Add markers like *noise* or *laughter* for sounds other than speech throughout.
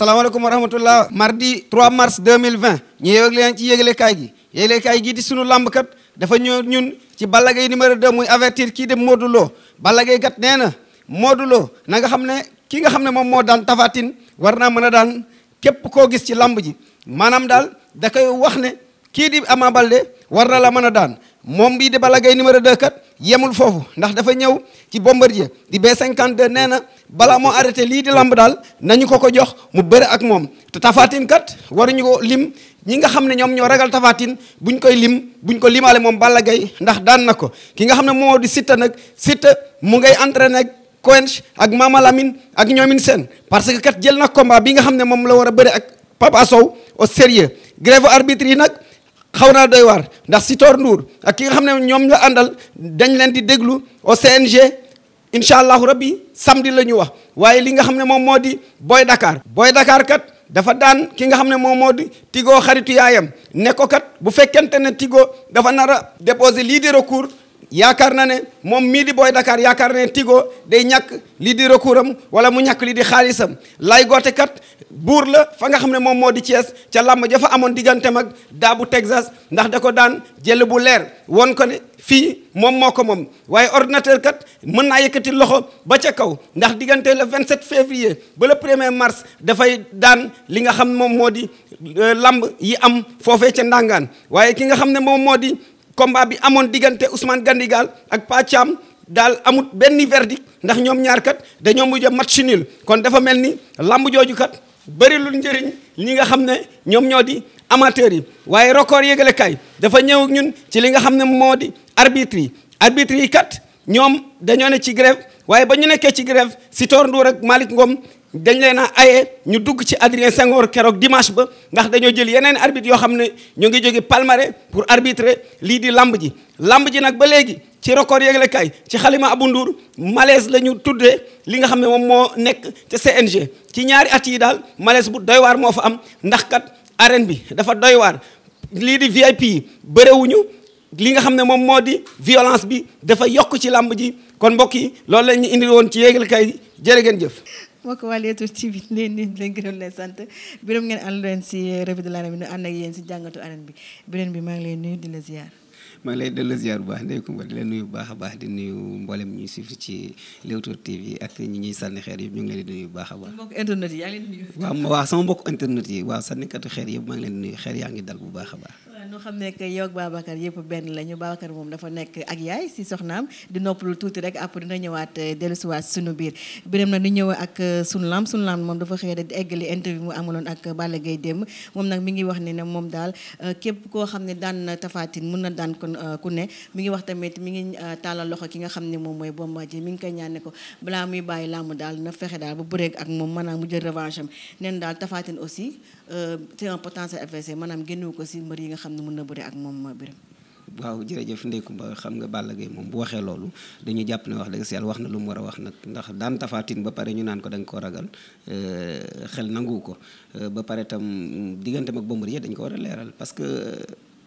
salaamaaleykum wa rahmatullah mardi 3 mars 2020 ñu yëg leen ci yëglekaay gi yëglekaay gi di sunu làmbkat dafa ñëw ñun ci Balla Gaye numéro 2 muy avertir kii de Modou Lo Balla Gaye gat nee na Modou nanga xam ne kii nga xam ne moom moo daan Tapha Tine war naa mën a daan képp koo gis ci làmb ji maanaam daal da koy wax ne kii di Ama Baldé war na la mën a daan moom bii de bala gay numéro 2 kat yemul foofu ndax dafa ñëw ci Bombardier di b cinquante nee na bala moo arrêté lii di lamb daal nañu ko ko jox mu bëre ak moom te Tafatine kat waruñu ko lim ñi nga xam ne ñoom ñoo ragal Tafatine buñ koy lim buñ ko limaale moom bala Gaye ndax daan na ko ki nga xam ne moo di Siteu nag Siteu mu ngay entraîné Quench ak Mama Lamine ak ñoomin seen parce que kat jël na combat bi nga xam ne moom la war a bëre ak Papa Sow au sérieux yi nag. xaw naa doy waar ndax Sitor Ndour ak ki nga xam ne ñoom la àndal dañ leen di déglu au CNG incha allahu rabbi samedi la ñu wax waaye li nga xam ne moom moo di Boy Dakar. Boy Dakar kat dafa daan ki nga xam ne moom moo di Tigo xaritu yaayam ne ko kat bu fekkente ne Tigo dafa nar a déposer lii di yaakaar na ne moom mii di booy Dakar yaakaar na ne Tigo day ñàkk lii di recours am wala mu ñàkk lii di xaalisam lay goote kat buur la fa nga xam ne moom moo di Thiès ca làmb jafa amoon diggante mag daa bu Texas ndax da ko daan jël bu leer woon ko fii moom moo ko moom waaye ordinateur kat mën naa yëkkati loxo ba ca kaw ndax diggante le 27 février ba le 1er mars dafay daan li nga xam moom moo di euh, làmb yi am foofee ca ndàngaan waaye ki nga xam ne moom moo di combat bi amoon diggante Ousmane Gandigal ak Pacham daal amut benn verdict ndax ñoom ñaar kat dañoo mujj a match kon dafa mel ni lamb jooju kat bëri lul njëriñ ñi nga xam ne ñoom ñoo di amateurs yi waaye record yëgale kaay dafa ñëw ñun ci li nga xam ne moo di arbitre yi arbitre yi kat ñoom dañoo ne ci grève waaye ba ñu nekkee ci grève Sitor Ndour ak Malick ngoom dañ leen a aye ñu dugg ci Adrien Senghor keroog dimanche ba ndax dañoo jël yeneen arbitre yoo xam ne ñoo ngi jóge Palmarin pour arbitrer lii di làmb ji làmb ji nag ba léegi ci record yëglekaay ci xalima Abou Ndour malaise la ñu tuddee li nga xam ne moom moo nekk ca CNG ci ñaari at yi daal malaise bu doy moo fa am ndax kat arène bi dafa doy waar lii di VIP yi bëréwuñu li nga xam ne moom moo di violence bi dafa yokk ci làmb ji kon mbokk yi loolu la ñu indi woon ci yëglekaay jërë ngeen jëf moo ko waa Leewtoo TV leen ni leen gërëm leen sant biram ngeen ànd leen si revue de l'arène bi nu ànd ak yéen si jàngatu arène bi beneen bi maa ngi leen nuyu di la ziar maa ngi lay dellu ziar bu baax Ndeye Coumba di la nuyu bu baax a baax di nuyu mboolem ñuy suivre ci Leewtoo TV ak ñi ñuy sànni xeer yëpp ñu ngi leen di nuyu bu baax a baax. mbokk internet yi yaa ngi leen di sama mbokk internet yi waaw sànnikatu xeer yëpp maa ngi leen di nuyu xeer yaa ngi dal bu baax a baax. noo xam ne que yow ak Babacar yëpp benn lañu Babacar moom dafa nekk ak yaay si soxnaam di noppalu tuuti rek après dina ñëwaat euh, dellusiwaat sunu biir biram na ñu ñëw ak euh, sunu lam sunu lam moom dafa xëy di eggali interview mu amaloon ak Balla Gaye démb moom nag mi ngi wax ne ne moom daal euh, képp koo xam ne daan na tafaatin mun na daan kon ku ne mi ngi wax tamit mi ngi tàllal loxo ki nga xam ne moom mooy Bombardier mi ngi koy ñaan ko balaa muy bàyyi làmb daal na fexe daal ba bëreeg ak moom maanaam mu jël revanche am neen daal tafaatin aussi c'est un potentiel adversaire maanaam génnewu ko si mbër yi nga xam nu mën a bëre ak moom biram waaw jërëjëf Ndeye Comba xam nga Balla Gaye moom bu waxee loolu dañu jàpp ne wax dëgg si yàlla wax na lu mu war a wax nag ndax daan tafaatin ba pare ñu naan ko da nga ko ragal euh, xel nangu ko euh, ba pare tam digganteem ak Bombardier dañ ko war a leeral parce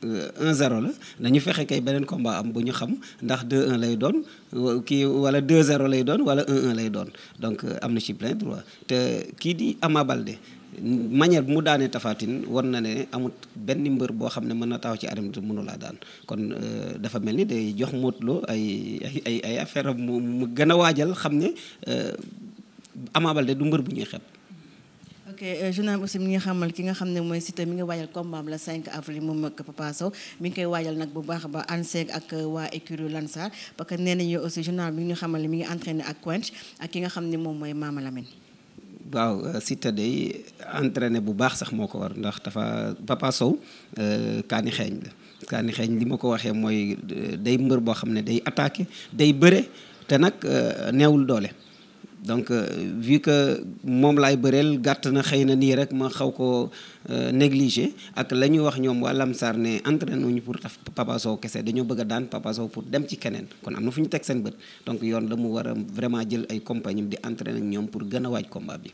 Euh, un zéro la nañu fexe kay beneen combat am bu ñu xam ndax 2-1 lay doon euh, kii wala 2-0 lay doon wala 1-1 lay doon donc euh, am na ci plein droit te kii di Ama Baldé manière bu mu daanee tafaatin war na ne amut benn mbër boo xam ne mën na taxaw ci arène bi mënulaa daan kon dafa mel ni day jox Modou Lo ay ay ay affaire mu mu gën a waajal xam ne Ama Baldé du mbër bu ñuy xeeb. ok euh, journal aussi mi ngi xamal ki nga xam ne mooy Siteu mi ngi waajal combat am la 5 avril moom ak Papa Sow mi ngi koy waajal nag bu baax ba ANSEC ak euh, waa écurie Lansar parce que nee nañu aussi journal bi ñu xamal ne mi ngi entraîné ak Quench ak ki nga xam ne moom mooy Mama Lamine. waaw euh, Siteu day entrene bu baax sax moo ko war ndax dafa Papa Sow kaani xeeñ la kaani xeeñ li ma ko waxee mooy day mbër boo xam ne day attaque day bëre te nag neewul doole. donc euh, vu que moom laay bëreel gàtt na xëy na nii rek ma xaw ko euh, négligé ak la ñuy wax ñoom waa Lamsar ne entraîné wuñu pour taf Papa kese dañoo bëgg daan Papa pour dem ci keneen kon am na fu ñu teg seen bët donc yoon la mu war a vraiment jël ay compagnie di entraîné ñoom pour gën a waaj combat bi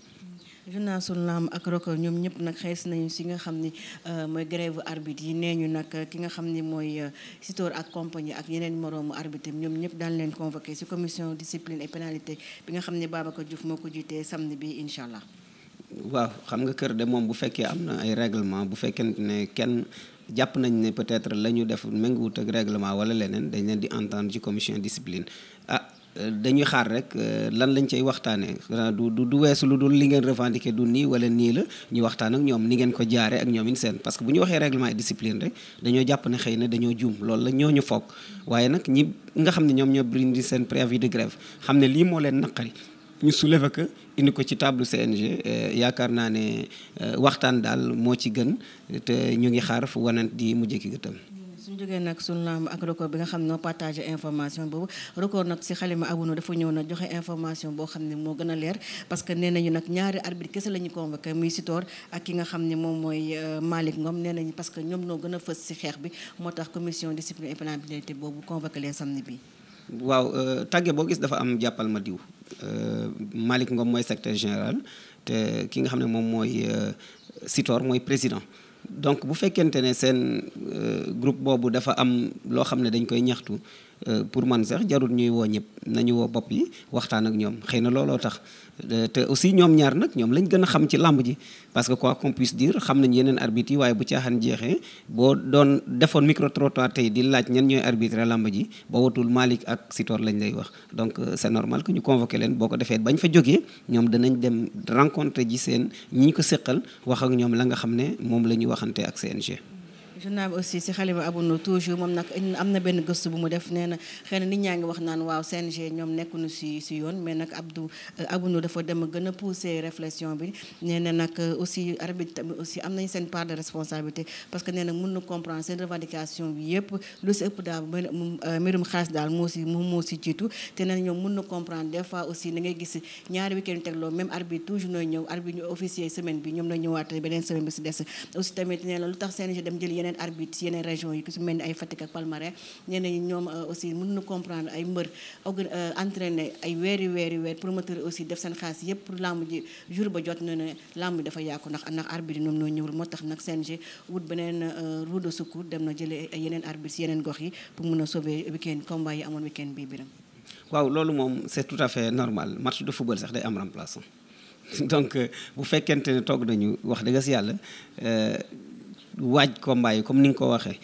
journal sunu lamb ak roko ñoom ñëpp nag xees nañu si nga xam ni euh, mooy grève arbitre yi nee ñu nag ki nga xam ni mooy euh, Sitor ak compagnie ak yeneen moroomu arbitre ñoom ñëpp daan leen convoqué si commission discipline et pénalité bi nga xam ne Babacar Diouf moo ko jiitee samedi bi incha allah. waaw xam nga kër de moom bu fekkee am na ay règlement bu fekkente ne kenn jàpp nañ ne peut-être la ñu def méngoowut ak règlement wala leneen dañ leen di entendre ci commission discipline ah. dañuy xaar rek euh, lan lañ cay waxtaanee du du weesu lu dul li ngeen revendiqué du nii wala nii la ñu waxtaan ak ñoom ni ngeen ko jaaree ak ñoom in seen parce que bu ñu waxee règlement et discipline rek dañoo jàpp ne xëy na dañoo juum loolu la ñoo ñu foog waaye nag ñi nga xam ne ñoom ñoo brindi seen préavis de grève xam ne lii moo leen naqari ñu soulever que indi ko ci table CNG euh, yaakaar naa ne euh, waxtaan daal moo ci gën te ñu ngi xaar fu wanant di mujjee ki gëtam suñu jógee nag suñu lamb ak record bi nga xam ne noo partagé information boobu record nag si xalima abuno dafa ñëw nag joxe information boo xam ne moo gën a leer parce que nee nañu nag ñaari arbitre kese la ñu convoqué muy Sitor ak ki nga xam ne moom mooy euh, Malick Ngom nee nañu parce que ñoom noo gën a fës si xeex bi moo tax commission discipline et pénalité boobu convoqué leen samedi bi waaw euh, tàgge boo gis dafa am jàppal ma diw euh, Malick ngoom mooy secteur général te ki nga xam ne moom mooy Sitor mooy président donc bu fekkente ne seen euh, groupe boobu dafa am loo xam ne dañ koy ñaxtu Euh, pour man sax jarul ñuy woo ñëpp nañu woo bopp yi waxtaan ak ñoom xëy na looloo tax euh, te aussi ñoom ñaar nag ñoom lañ gën a xam ci làmb ji parce que quoi qu'on puisse dire xam nañ yeneen arbitres yi waaye bu caaxaan jeexee boo doon defoon micro trottoir tey di laaj ñan ñooy arbitre làmb ji ba watul Malick ak Sitor lañ lay wax donc euh, c'est normal que ñu convoqué leen boo ko defee bañ fa jógee ñoom danañ dem rencontre ji seen ñi ko séqal wax ak ñoom la nga xam ne moom la ñu waxante ak CNG journal bi aussi si Xalima Abounou toujours moom nag am na benn gëstu bu mu def nee na nit ñaa ngi wax naan waaw CNG ñoom nekkuñu si yoon mais nag Abdou euh, Abounou dafa dem gën a pousser bi nee na nag euh, aussi arbitre tamit aussi am nañ seen part de responsabilité parce que nee na mën na comprendre seen revendication bi yëpp lu si ëpp daal euh, mbirum xaalis daal moo si moom moo si jiitu te nee na ñoom mën na comprendre des fois aussi da gis ñaari week-end teg loolu même arbitre toujours nooy ñëw arbitre officier semaine bi ñoom na ñëwaat beneen semaine bi si des yeneen arbitre yeneen région yi ku su mel ni ay Fatick ak Palmarin ñeneen ñi ñoom euh, aussi mën na comprendre ay mbër euh, entraîné ay weeri weeri weer promoteur aussi def seen xaalis yëpp pour lamb ji jour ba jot na ne lamb ji dafa yàqu ndax arbitre yi ñoom ñoo ñëwul moo tax nag CNG wut beneen euh, roue de secours dem na jëlee yeneen arbitre si yeneen gox yi pour mën a sauver week-end combat yi amoon week bii biram waaw loolu moom c'est tout à fait normal match *laughs* waaj combat yi comme ni nga ko waxee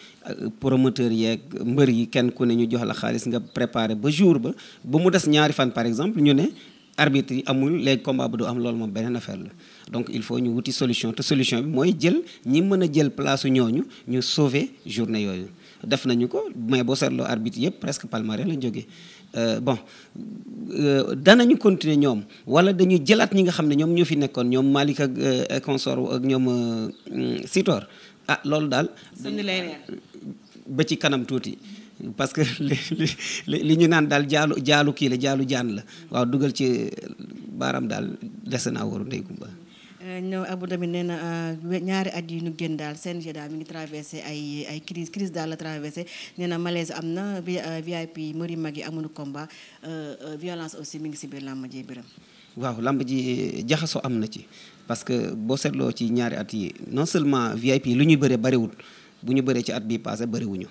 promoteur yeeg mbër yi kenn ku ne ñu jox la xaalis nga préparer ba jour ba ba mu des ñaari fan par exemple ñu ne arbitre yi amul léegi combat bu du am loolu moom beneen affaire la donc il faut ñu wuti solution te solution bi mooy jël ñi mën a jël place ñooñu ñu sauver journée yooyu def nañu ko mais boo seetloo arbitre yëpp presque palmarès lañ jógee euh, bon euh, danañu continuer ñoom wala dañuy jëlaat ñi nga xam ne ñoom ñoo fi nekkoon ñoom Malick ak euh, consort ak ñoom Sitor ah loolu daal ba ci kanam tuuti parce que *laughs* li li ñu naan daal jaalu jaalu kii la jaalu jaan la waaw dugal ci baaraam daal dese naa waru ndey kumba euh, ñëw Abou tamit nee na euh, ñaari at yi ñu génn daal CNG daal mi ngi traversé ay ay crise daal la traversé nee na malaise am na VIP euh, mëri mag yi amuñu combat violence aussi mi ngi si biir làmb ji biram waaw lamb ji eh, jaxasoo am na ci parce que boo seetloo ci ñaari at yi non seulement VIP lu ñuy bëree bëriwul bu ñu bëree ci at bi passé bëriwuñu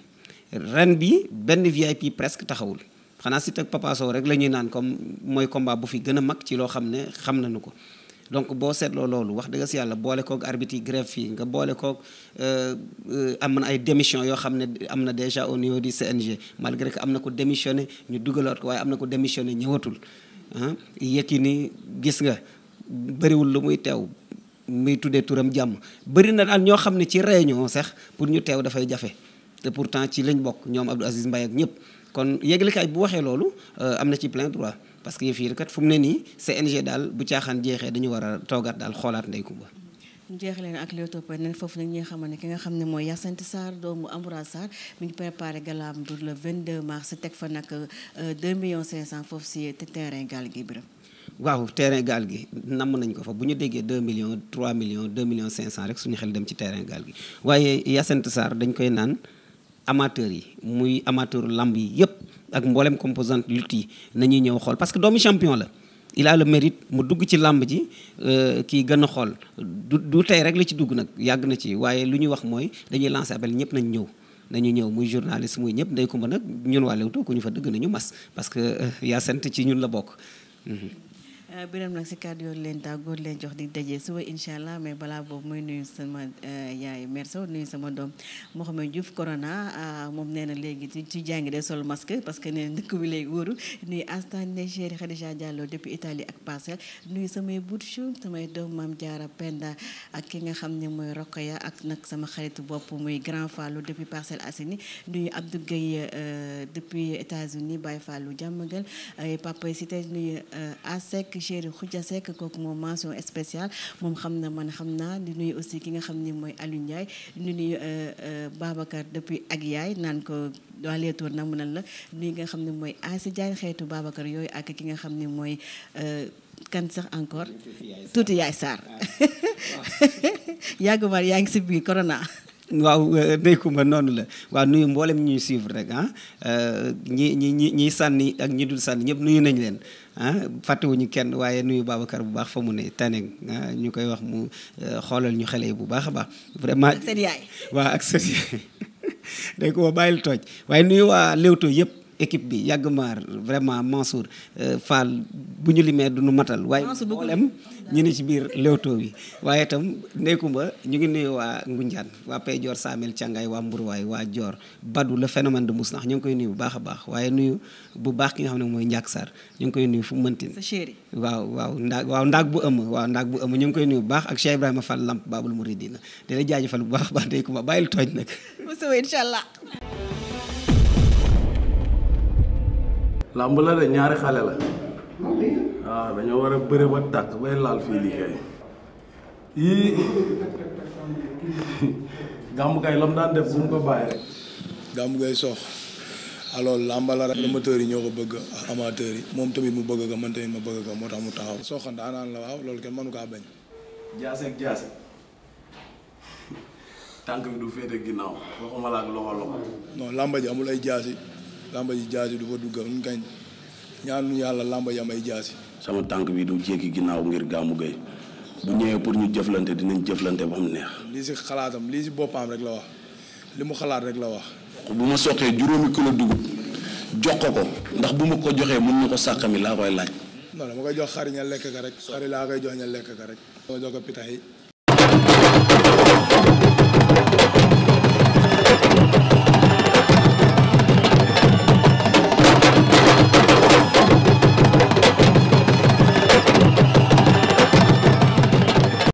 ren bi benn VIP presque taxawul xanaa si teg Papa rek la ñuy naan comme mooy combat bu fi gën mag ci loo xam ne xam na nañu ko donc boo seetloo loolu wax dëgg si yàlla boole koog arbitre yi grève fii nga boole koog euh, euh, am na ay démission yoo xam ne am na déjà au niveau du CNG malgré que am na ko démissionné ñu dugalaat waaye am na ko démissionné ñëwatul ah Yékini gis nga bëriwul lu muy teew muy tuddee turam jàmm bëri na daal ñoo xam ne ci réunion sax pour ñu teew dafay jafe te pourtant ci lañ bokk ñoom Abdou Aziz mbay ak ñëpp kon yëglekaay bu waxee loolu euh, am na ci plein droit parce que yëf yi kat fu mu ne nii CNG daal bu caaxaan jeexee dañu war a toogaat daal xoolaat ndey kumba ñu jeexalee nag ak Leewtoo point net foofu nag ñi nga xamante ne ki nga xam ne mooy Hyacinthe Sarr doomu Amoura Sarr mi ngi préparé galaam bu le 22 mars teg fa nag 2 euh, millions 500 foofu si te gaal gi biram waaw terrain gaal gi namm nañ ko fa bu ñu déggee 2 millions 3 millions 2 millions 500 rek suñu xel dem ci terrain gi waaye Hyacinthe saar dañ koy naan amateur yi muy amateur lamb yi yépp ak mboolem composante lutte yi nañuy ñëw xool parce que doomu champion la il a mérite mu dugg ci làmb ji euh, kii gën a xool du du tey rek la ci dugg nag yàgg na ci waaye lu ñuy wax mooy dañuy lancé appel ñëpp nañ ñëw nañu ñëw muy journaliste muy ñëpp ndey ko mën nag ñun waa Leewtoo ku ñu fa dëgg nañu mas parce que euh, yaa sant ci ñun la bokk mhm. Euh, Biram nag si kàddu yoon leen tàggoor leen jox di daje suba incha allah mais balaa boobu muy nuyu sama euh, yaay mère Sow sama doom Mouhamed Diouf Corona euh, moom nee na léegi ci jàngi de sol masque parce que nee na dëkk bi léegi wóoru nuyu Astane ne chéri Khadija Diallo depuis Italie ak Parcelles nuyu samay bouchou samay doom Maam Diarra Penda ak ki nga xam ne mooy Rokhaya ak nag sama xaritu bopp muy Grand Fallou depuis Parcelles Assainies nuyu Abdou Gueye depuis États-Unis Baye Fallou jàmmagal Papa Cité chéri Khoudia Seck kooku moom mention spéciale moom xam na man xam naa di nuyu aussi ki nga xam ni mooy Aliou Ndiaye di nuyu euh, euh, Babacar depuis ak yaay naan ko waa Leewtoo namu na la nuyu nga xam ne mooy si Diagne xeetu Babacar yooyu ak ki nga xam ni mooy euh, kan sax encore tuuti yaay Sarr ah. *laughs* yàggumaar yaa ngi si biir corona waaw Ndeye Comba noonu la waa nuyu mbooleem ñuy suivre rek ah euh, ñi ñi ñi ñiy sànni ak ñi dul sànni ñëpp nuyu nañ leen ah fàttewuñu kenn waaye nuyu Babacar bu baax fa mu ne tene ah. ñu koy wax mu euh, xoolal ñu xele yi bu baax a baax. vraiment ak seen yaay. waaw ak seen yaay Ndeye *laughs* Comba bàyyil tooj waaye nuyu waa Leewtoo yëpp. équipe bi yàgg maar vraiment Mansour euh, Fall bu ñu limee du nu matal waaye mboolem ñu ni ci biir Leewtoo bi waaye itam ndeykumba ñu ngi nuyu waa Ngunjaan waa Pejoor Saamel Càngaay waa Mburwaay waa Joor Badu le phénomène de Mousnakh ñu ngi koy nuyu bu baax a baax waaye nuyu bu baax ki nga xam ne mooy Njaak Sarr ñu ngi koy nuyu fu mëntin waaw waaw ndaag waaw ndaag bu ëmm waaw ndaag bu ëmm ñu ngi koy nuyu bu baax ak Cheikh Ibrahima Fall Lamp Babul Mouridina di la jaajëfal bu baax baax ndeykumba bàyyil tooñ nag incha allah làmb la de ñaari xale la waaw ah, dañoo war a bëre ba tàkk bay laal fii liggéey yii *laughs* gàmmu kay lam daan def bu mu ko bàyyi rek gàmmu sox alors làmba la rek amateurs yi ñoo ko bëgg amateurs yi moom tamit mu bëgg ko man tamit ma bëgg ko moo tax mu taxaw sox ndaanaan la waaw loolu kenn mënu kaa bañ jaase ak jaase tànk bi du féete ginnaaw waxuma la ak loxo loxo non làmba ji amul ay jaasi lamba yi jaasi du fa dugga nun kañ ñaanu yàlla lamba yi am ay jaasi sama tànk bi du jékki ginnaaw ngir gàmmu gay bu ñëwee pour ñu jëflante dinañ jëflante ba mu neex lii si xalaatam lii si boppam rek la wax li mu xalaat rek la wax bu ma soqee juróomi kilo dugub jox ko ko ndax bu ma ko joxee mën na ko sàqami laa koy laaj non dama koy jox xari lekk ka rek xari laa koy jox ña lekk ka rek dama jox ko pitax yi